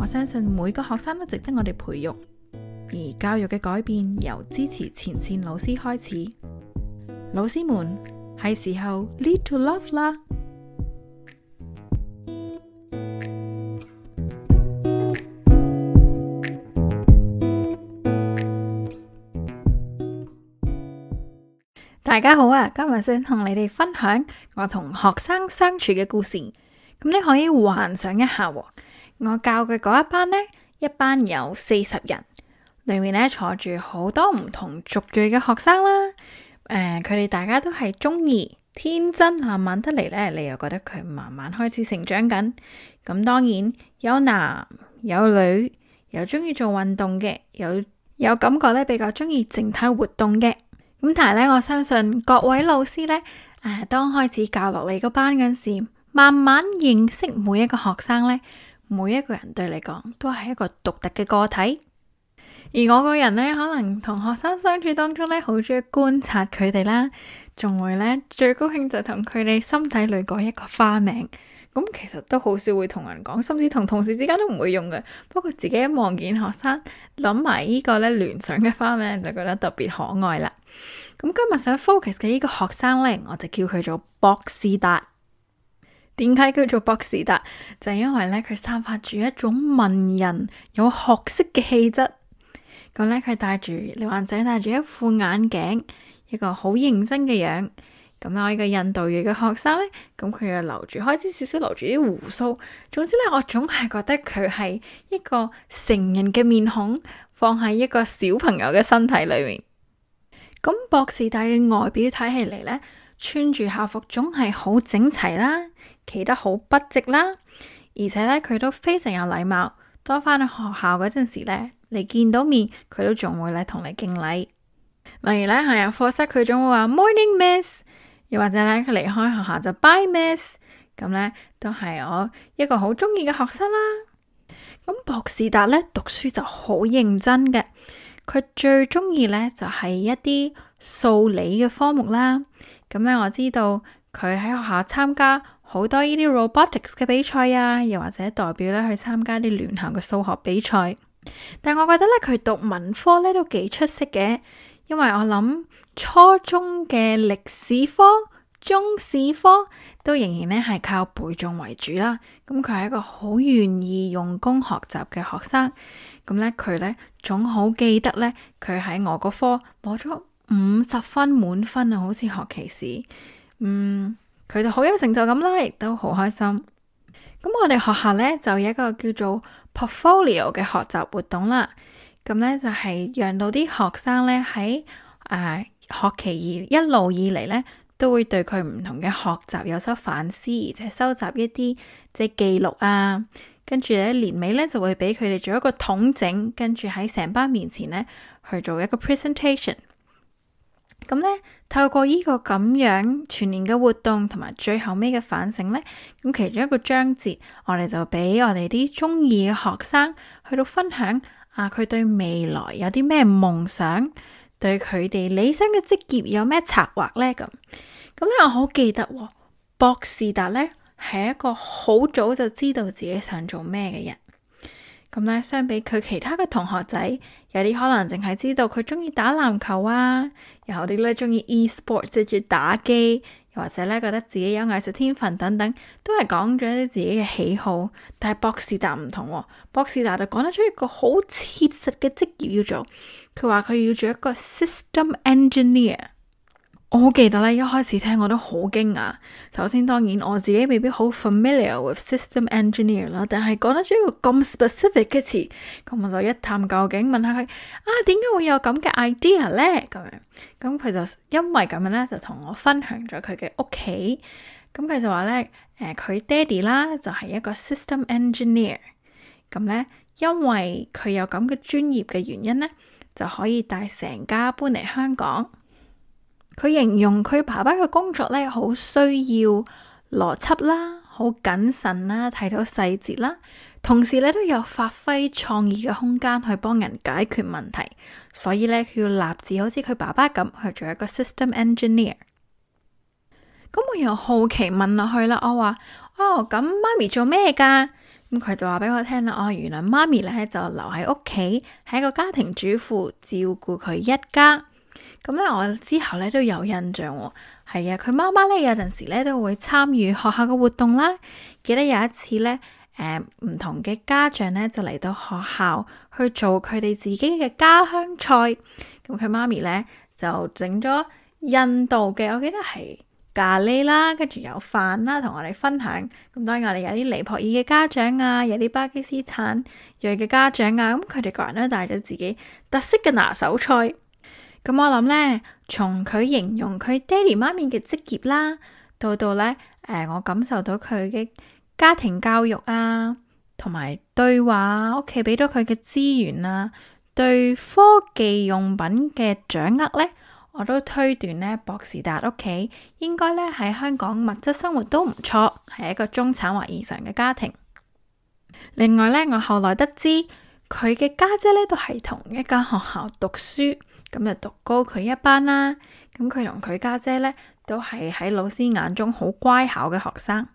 我相信每個學生都值得我哋培育，而教育嘅改變由支持前線老師開始。老師們，係時候 lead to love 啦！大家好啊，今日想同你哋分享我同學生相處嘅故事，咁你可以幻想一下。我教嘅嗰一班呢，一班有四十人，裏面咧，坐住好多唔同族裔嘅學生啦。誒、呃，佢哋大家都係中二，天真爛漫得嚟呢，你又覺得佢慢慢開始成長緊。咁當然有男有女，有中意做運動嘅，有有感覺咧，比較中意靜態活動嘅。咁但係咧，我相信各位老師呢，誒、呃，當開始教落嚟嗰班嗰陣時，慢慢認識每一個學生呢。每一個人對你講都係一個獨特嘅個體，而我個人呢，可能同學生相處當中呢，好中意觀察佢哋啦，仲會呢，最高興就同佢哋心底裏改一個花名，咁其實都好少會同人講，甚至同同事之間都唔會用嘅。不過自己一望見學生諗埋呢個呢聯想嘅花名，就覺得特別可愛啦。咁今日想 focus 嘅呢個學生呢，我就叫佢做博士達。點解叫做博士達？就係因為咧，佢散發住一種文人有學識嘅氣質。咁咧，佢戴住你話，仔戴住一副眼鏡，一個好認真嘅樣。咁我一個印度裔嘅學生咧，咁佢又留住，開始少少留住啲胡鬚。總之咧，我總係覺得佢係一個成人嘅面孔放喺一個小朋友嘅身體裏面。咁博士達嘅外表睇起嚟咧，穿住校服總係好整齊啦。企得好筆直啦，而且咧佢都非常有禮貌。多返去學校嗰陣時咧，你見到面佢都仲會咧同你敬禮。例如咧行入課室，佢仲會話 Morning Miss，又或者咧佢離開學校就 Bye Miss。咁咧都係我一個好中意嘅學生啦。咁博士達咧讀書就好認真嘅，佢最中意咧就係一啲數理嘅科目啦。咁咧我知道佢喺學校參加。好多呢啲 robotics 嘅比賽啊，又或者代表咧去參加啲聯合嘅數學比賽。但我覺得咧，佢讀文科咧都幾出色嘅，因為我諗初中嘅歷史科、中史科都仍然咧係靠背誦為主啦。咁佢係一個好願意用功學習嘅學生。咁咧佢咧總好記得咧，佢喺我個科攞咗五十分滿分啊，好似學期試，嗯。佢就好有成就感啦，亦都好開心。咁我哋學校呢，就有一個叫做 portfolio 嘅學習活動啦。咁呢，就係、是、讓到啲學生呢，喺誒、啊、學期二一路以嚟呢，都會對佢唔同嘅學習有所反思，而且收集一啲即係記錄啊。跟住呢，年尾呢，就會俾佢哋做一個統整，跟住喺成班面前呢，去做一個 presentation。咁咧，透過呢個咁樣全年嘅活動，同埋最後尾嘅反省咧，咁其中一個章節，我哋就俾我哋啲中意嘅學生去到分享啊，佢對未來有啲咩夢想，對佢哋理想嘅職業有咩策劃咧？咁咁咧，我好記得博士達咧係一個好早就知道自己想做咩嘅人。咁咧，相比佢其他嘅同學仔，有啲可能淨係知道佢中意打籃球啊，又有啲咧中意 e-sports 即係中意打機，又或者咧覺得自己有藝術天分等等，都係講咗一啲自己嘅喜好。但係博士達唔同啊，博士達就講得出一個好切實嘅職業要做。佢話佢要做一個 system engineer。我好記得咧，一開始聽我都好驚訝！首先當然我自己未必好 familiar with system engineer 啦，但係講得出一個咁 specific 嘅詞，咁我就一探究竟問，問下佢啊，點解會有咁嘅 idea 咧？咁樣咁佢就因為咁樣咧，就同我分享咗佢嘅屋企。咁佢就話咧，誒佢爹哋啦就係、是、一個 system engineer。咁咧，因為佢有咁嘅專業嘅原因咧，就可以帶成家搬嚟香港。佢形容佢爸爸嘅工作咧，好需要邏輯啦，好謹慎啦，睇到細節啦，同時咧都有發揮創意嘅空間去幫人解決問題。所以咧，佢要立志好似佢爸爸咁去做一個 system engineer。咁、嗯、我又好奇問落去啦，我話哦咁，媽咪做咩噶？咁、嗯、佢就話俾我聽啦，哦，原來媽咪咧就留喺屋企，係一個家庭主婦，照顧佢一家。咁咧，我之後咧都有印象喎、哦。係啊，佢媽媽咧有陣時咧都會參與學校嘅活動啦。記得有一次咧，誒、嗯、唔同嘅家長咧就嚟到學校去做佢哋自己嘅家鄉菜。咁佢媽咪咧就整咗印度嘅，我記得係咖喱啦，跟住有飯啦，同我哋分享。咁當然我哋有啲尼泊爾嘅家長啊，有啲巴基斯坦裔嘅家長啊，咁佢哋個人都帶咗自己特色嘅拿手菜。咁、嗯、我諗呢，從佢形容佢爹哋媽咪嘅職業啦，到到呢，誒、呃，我感受到佢嘅家庭教育啊，同埋對話啊，屋企俾到佢嘅資源啊，對科技用品嘅掌握呢，我都推斷呢，博士達屋企應該呢喺香港物質生活都唔錯，係一個中產或以上嘅家庭。另外呢，我後來得知佢嘅家姐呢都係同一間學校讀書。咁就讀高佢一班啦。咁佢同佢家姐呢，都係喺老師眼中好乖巧嘅學生。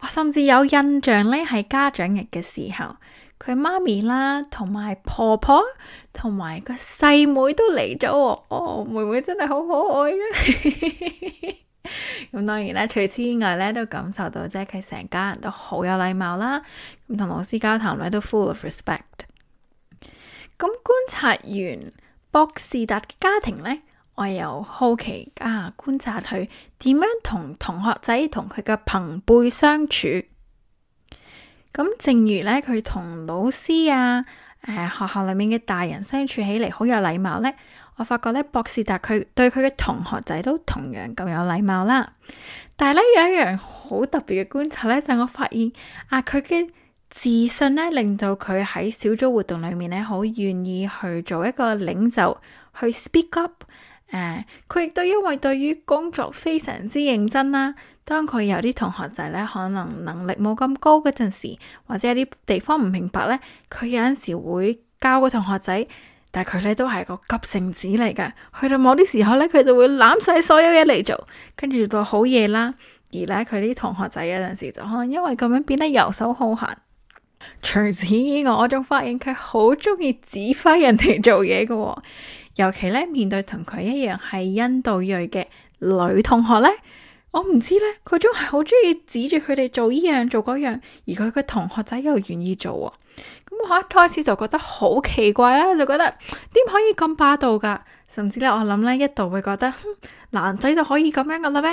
我、哦、甚至有印象呢，係家長日嘅時候，佢媽咪啦，同埋婆婆，同埋個細妹都嚟咗，哦。哦，妹妹真係好可愛嘅，啊。咁 當然啦，除此之外呢，都感受到即係佢成家人都好有禮貌啦。咁同老師交談呢，都 full of respect。咁觀察完。博士達家庭呢，我又好奇啊，觀察佢點樣同同學仔同佢嘅朋輩相處。咁正如呢，佢同老師啊，誒、呃、學校裏面嘅大人相處起嚟，好有禮貌呢，我發覺呢，博士達佢對佢嘅同學仔都同樣咁有禮貌啦。但係呢，有一樣好特別嘅觀察呢，就係、我發現啊佢嘅。自信咧令到佢喺小組活動裏面咧好願意去做一個領袖去 speak up，佢、呃、亦都因為對於工作非常之認真啦。當佢有啲同學仔咧可能能力冇咁高嗰陣時，或者有啲地方唔明白咧，佢有陣時會教個同學仔。但係佢咧都係個急性子嚟㗎，去到某啲時候咧，佢就會攬晒所有嘢嚟做，跟住做到好夜啦。而咧佢啲同學仔有陣時就可能因為咁樣變得游手好閒。除此以外，我仲發現佢好中意指揮人哋做嘢嘅、哦，尤其咧面對同佢一樣係印度裔嘅女同學咧，我唔知咧佢仲係好中意指住佢哋做依樣做嗰樣，而佢嘅同學仔又願意做、哦，咁我一開始就覺得好奇怪啦，就覺得點可以咁霸道噶，甚至咧我諗咧一度會覺得、嗯、男仔就可以咁樣噶啦咩，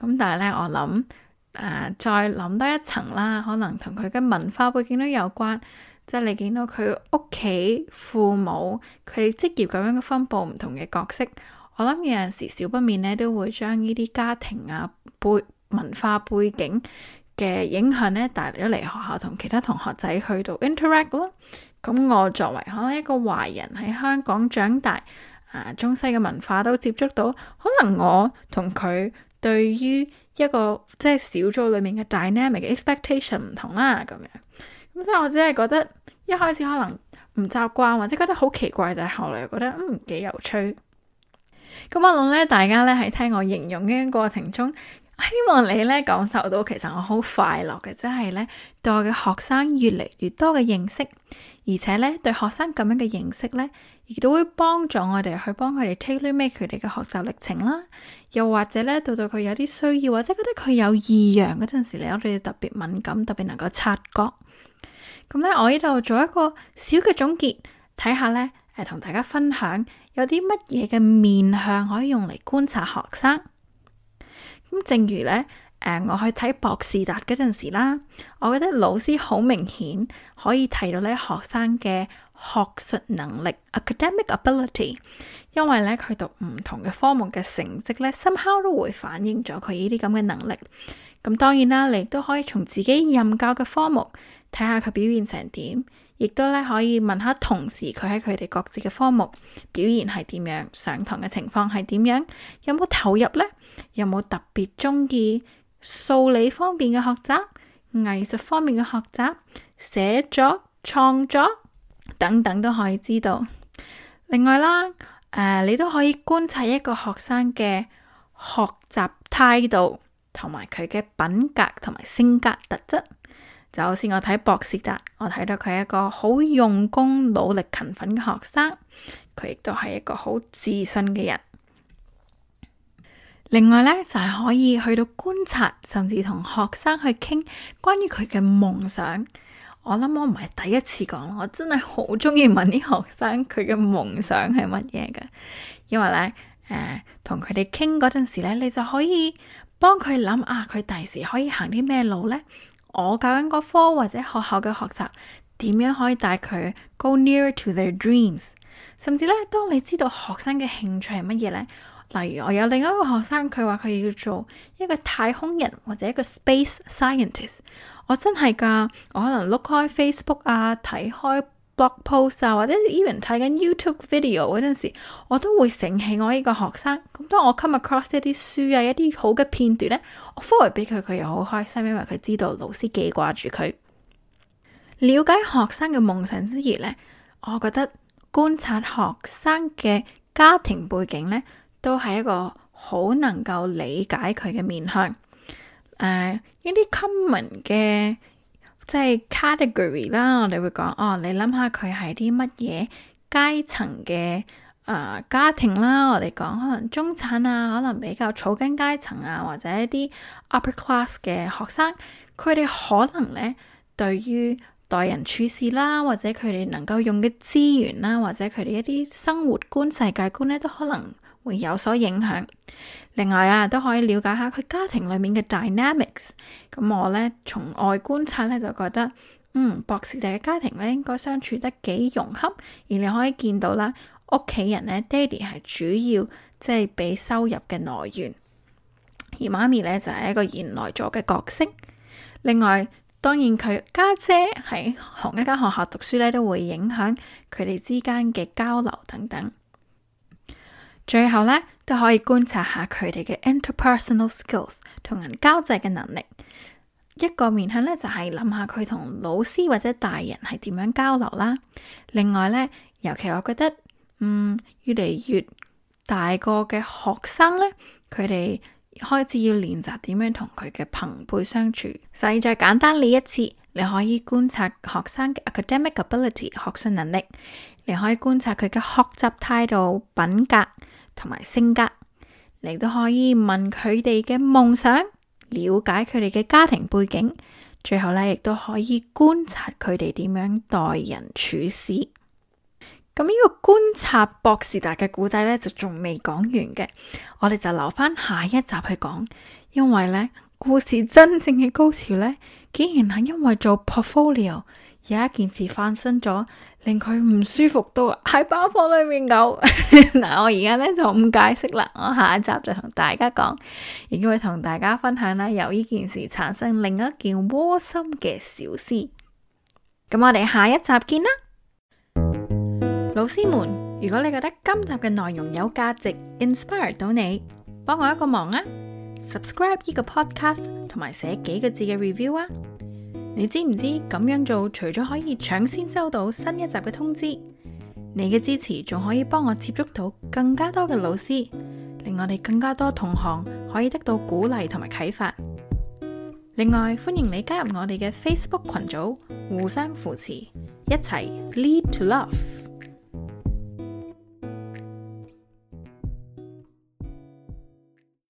咁但係咧我諗。呃、再諗多一層啦，可能同佢嘅文化背景都有關，即係你見到佢屋企父母佢職業咁樣嘅分佈唔同嘅角色，我諗有陣時少不免咧都會將呢啲家庭啊背文化背景嘅影響咧帶嚟咗嚟學校同其他同學仔去到 interact 咯。咁、嗯、我作為可能一個華人喺香港長大，啊、呃、中西嘅文化都接觸到，可能我同佢對於。一個即係小組裡面嘅 dynamic expectation 唔同啦，咁樣咁，所以我只係覺得一開始可能唔習慣，或者覺得好奇怪，但係後來又覺得嗯幾有趣。咁、嗯、我諗咧，大家咧喺聽我形容嘅過程中，希望你咧感受到其實我好快樂嘅，即係咧對我嘅學生越嚟越多嘅認識，而且咧對學生咁樣嘅認識咧。亦都會幫助我哋去幫佢哋 tailor make 佢哋嘅學習歷程啦，又或者咧到到佢有啲需要或者覺得佢有異樣嗰陣時，你我哋特別敏感，特別能夠察覺。咁咧，我呢度做一個小嘅總結，睇下咧，誒、呃，同大家分享有啲乜嘢嘅面向可以用嚟觀察學生。咁正如咧，誒，我去睇博士達嗰陣時啦，我覺得老師好明顯可以提到咧學生嘅。學術能力 academic ability，因為咧佢讀唔同嘅科目嘅成績咧，somehow 都會反映咗佢呢啲咁嘅能力。咁當然啦，你亦都可以從自己任教嘅科目睇下佢表現成點，亦都咧可以問下同事佢喺佢哋各自嘅科目表現係點樣，上堂嘅情況係點樣，有冇投入呢？有冇特別中意數理方面嘅學習、藝術方面嘅學習、寫作、創作？等等都可以知道。另外啦，誒、啊，你都可以觀察一個學生嘅學習態度，同埋佢嘅品格同埋性格特質。就好似我睇博士達，我睇到佢係一個好用功、努力、勤奮嘅學生，佢亦都係一個好自信嘅人。另外呢，就係、是、可以去到觀察，甚至同學生去傾關於佢嘅夢想。我諗我唔係第一次講，我真係好中意問啲學生佢嘅夢想係乜嘢嘅，因為咧，誒、呃，同佢哋傾嗰陣時咧，你就可以幫佢諗啊，佢第時可以行啲咩路咧？我教緊嗰科或者學校嘅學習點樣可以帶佢 go nearer to their dreams？甚至咧，當你知道學生嘅興趣係乜嘢咧？例如我有另一個學生，佢話佢要做一個太空人或者一個 space scientist。我真係噶，我可能碌開 Facebook 啊，睇開 blog post 啊，或者 even 睇緊 YouTube video 嗰陣時，我都會醒起我呢個學生。咁當我 come across 一啲書啊，一啲好嘅片段呢，我 forward 俾佢，佢又好開心，因為佢知道老師記掛住佢。了解學生嘅夢想之餘呢，我覺得觀察學生嘅家庭背景呢，都係一個好能夠理解佢嘅面向。誒呢啲 common 嘅即係 category 啦，我哋會講哦。你諗下佢係啲乜嘢階層嘅誒、呃、家庭啦。我哋講可能中產啊，可能比較草根階層啊，或者一啲 upper class 嘅學生，佢哋可能咧對於待人處事啦，或者佢哋能夠用嘅資源啦，或者佢哋一啲生活觀、世界觀咧，都可能。會有所影響。另外啊，都可以了解下佢家庭裏面嘅 dynamics。咁我呢從外觀察呢，就覺得，嗯，博士達嘅家庭呢應該相處得幾融洽。而你可以見到啦，屋企人呢，爹哋係主要即係俾收入嘅來源，而媽咪呢就係、是、一個賢內助嘅角色。另外，當然佢家姐喺同一間學校讀書呢，都會影響佢哋之間嘅交流等等。最後呢都可以觀察下佢哋嘅 interpersonal skills 同人交際嘅能力。一個面向呢，就係諗下佢同老師或者大人係點樣交流啦。另外呢，尤其我覺得，嗯，越嚟越大個嘅學生呢，佢哋開始要練習點樣同佢嘅朋輩相處。所以再簡單理一次，你可以觀察學生嘅 academic ability 學術能力，你可以觀察佢嘅學習態度品格。同埋性格，你都可以問佢哋嘅夢想，了解佢哋嘅家庭背景，最後咧，亦都可以觀察佢哋點樣待人處事。咁呢個觀察博士達嘅古仔咧，就仲未講完嘅，我哋就留返下一集去講，因為咧故事真正嘅高潮咧。竟然係因為做 portfolio 有一件事發生咗，令佢唔舒服都喺包房裏面嘔。嗱， 我而家咧就唔解釋啦，我下一集再同大家講，亦會同大家分享啦。由呢件事產生另一件窩心嘅小事。咁我哋下一集見啦， 老師們，如果你覺得今集嘅內容有價值，inspire 到你，幫我一個忙啊！Subscribe 呢個 podcast，同埋寫幾個字嘅 review 啊！你知唔知咁樣做除咗可以搶先收到新一集嘅通知，你嘅支持仲可以幫我接觸到更加多嘅老師，令我哋更加多同行可以得到鼓勵同埋啟發。另外，歡迎你加入我哋嘅 Facebook 群組，互相扶持，一齊 lead to love。